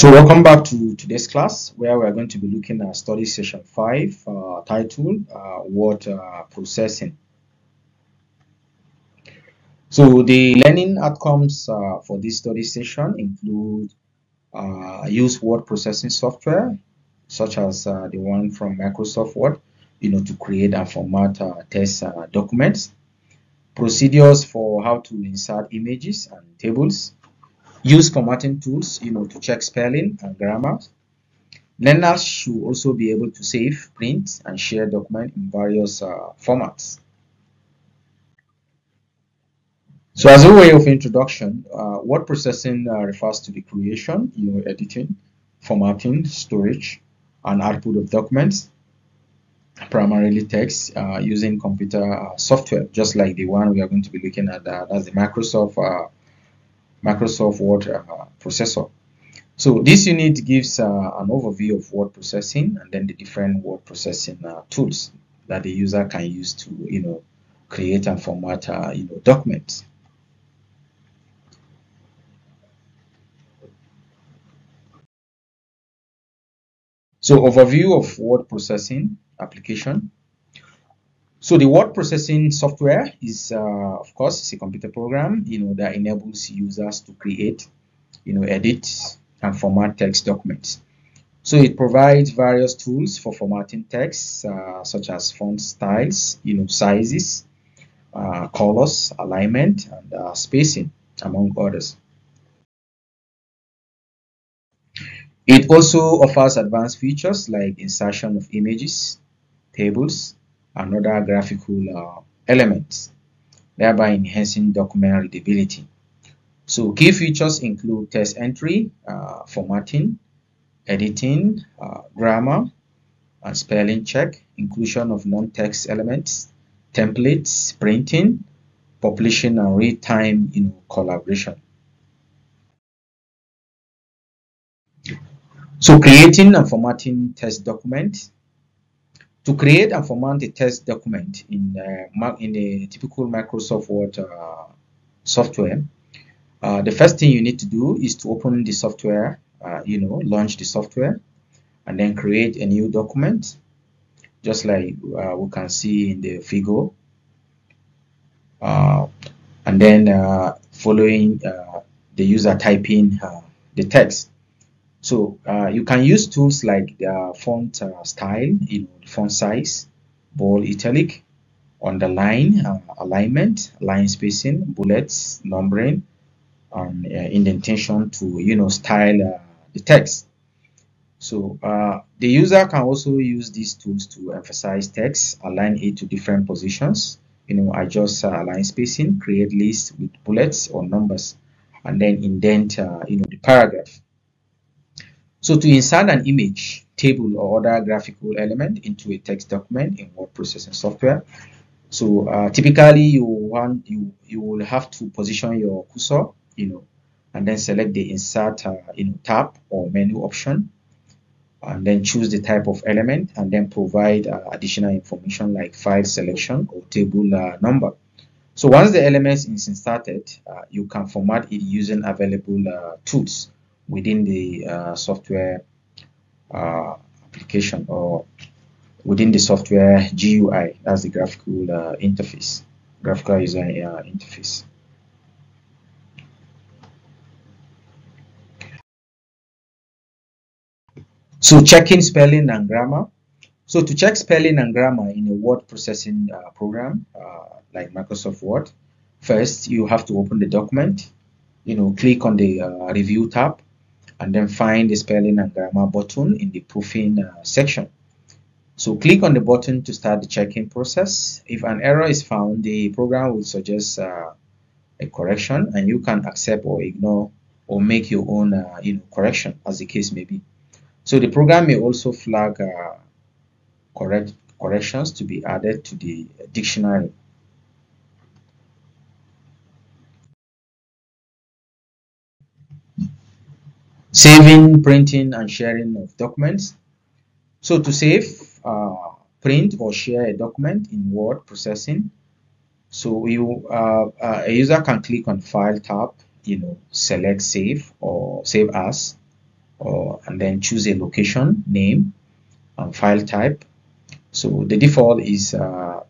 So welcome back to today's class where we are going to be looking at study session 5 uh, uh, word uh, processing. So the learning outcomes uh, for this study session include uh, use word processing software such as the one from Microsoft Word you know to create and format test documents procedures for how to insert images and tables Use formatting tools, you know, to check spelling and grammar. Learners should also be able to save, print, and share document in various uh, formats. So as a way of introduction, uh, word processing uh, refers to the creation, you know, editing, formatting, storage, and output of documents, primarily text, uh, using computer uh, software, just like the one we are going to be looking at, uh, that's the Microsoft uh, Microsoft Word uh, processor. So this unit gives uh, an overview of word processing and then the different word processing uh, tools that the user can use to, you know, create and format, you know, documents. So overview of word processing application. So the word processing software is, uh, of course, it's a computer program, you know, that enables users to create, you know, edit and format text documents. So it provides various tools for formatting text, uh, such as font styles, you know, sizes, uh, colors, alignment, and uh, spacing, among others. It also offers advanced features like insertion of images, tables, and other graphical uh, elements, thereby enhancing document readability. So key features include text entry, uh, formatting, editing, uh, grammar, and spelling check, inclusion of non-text elements, templates, printing, publishing, and real-time you know, collaboration. So creating and formatting test documents, to create and format a test document in, uh, in a typical Microsoft Word uh, software, uh, the first thing you need to do is to open the software, uh, you know, launch the software, and then create a new document, just like uh, we can see in the figure. Uh, and then following the user typing the text. So uh, you can use tools like the font uh, style, you know, font size, bold italic, underline, uh, alignment, line spacing, bullets, numbering, and uh, indentation to you know style uh, the text. So uh, the user can also use these tools to emphasize text, align it to different positions, you know, adjust line spacing, create lists with bullets or numbers, and then indent you know the paragraph. So to insert an image, table, or other graphical element into a text document in word processing software, so uh, typically you want you you will have to position your cursor, you know, and then select the insert uh, you know, tab or menu option, and then choose the type of element, and then provide uh, additional information like file selection or table uh, number. So once the element is inserted, uh, you can format it using available uh, tools within the uh, software uh, application or within the software GUI, that's the graphical uh, interface, graphical user uh, interface. So checking spelling and grammar. So to check spelling and grammar in a word processing uh, program uh, like Microsoft Word, first you have to open the document, you know, click on the uh, review tab, and then find the spelling and grammar button in the proofing uh, section. So click on the button to start the checking process. If an error is found, the program will suggest uh, a correction and you can accept or ignore or make your own uh, you know, correction as the case may be. So the program may also flag uh, correct corrections to be added to the dictionary saving printing and sharing of documents so to save uh, print or share a document in word processing so you uh, uh, a user can click on file tab you know select save or save as or and then choose a location name and file type so the default is uh,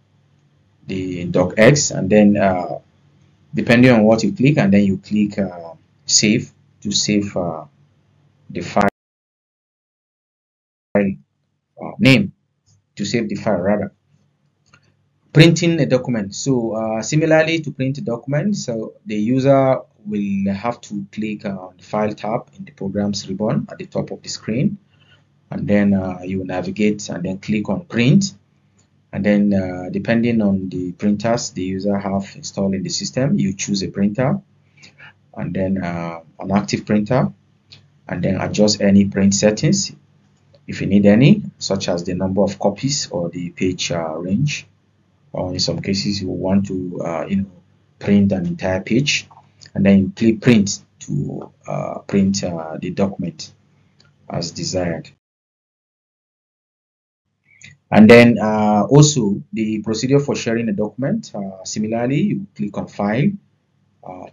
the docx and then uh, depending on what you click and then you click uh, save to save the file name to save the file rather printing a document so uh, similarly to print a document so the user will have to click on the file tab in the programs ribbon at the top of the screen and then uh, you navigate and then click on print and then uh, depending on the printers the user have installed in the system you choose a printer and then uh, an active printer and then adjust any print settings if you need any such as the number of copies or the page uh, range or in some cases you want to uh, you know print an entire page and then click print to uh, print uh, the document as desired and then uh, also the procedure for sharing a document uh, similarly you click on file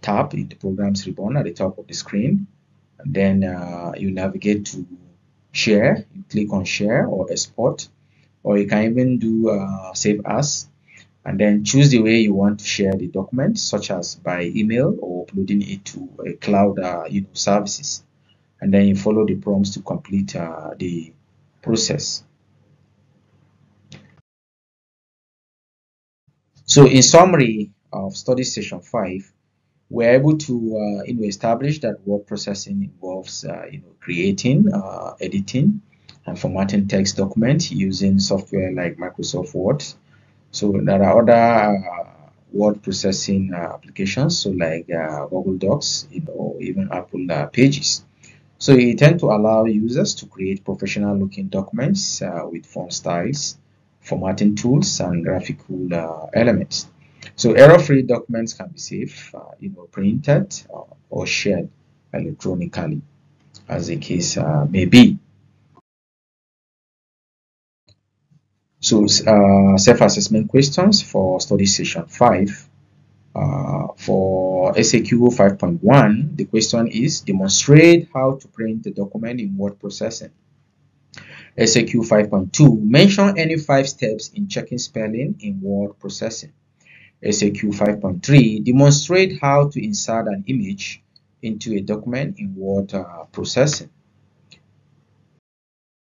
tab in the programs ribbon at the top of the screen then uh, you navigate to share you click on share or export or you can even do uh, save as and then choose the way you want to share the document such as by email or uploading it to a cloud uh, you know services and then you follow the prompts to complete uh, the process so in summary of study session 5 we're able to uh, you know, establish that word processing involves uh, you know, creating, uh, editing, and formatting text documents using software like Microsoft Word. So there are other word processing uh, applications so like uh, google docs you know or even apple uh, pages so it tends to allow users to create professional looking documents with font styles formatting tools and graphical elements so error-free documents can be saved, uh, you know, printed or, uh, or, shared electronically, as the case uh, may be. So uh, self-assessment questions for study session 5. Uh, for SAQ 5.1, the question is demonstrate how to print the document in word processing. SAQ 5.2, mention any five steps in checking spelling in word processing. SAQ 5.3 demonstrate how to insert an image into a document in Word uh, processing.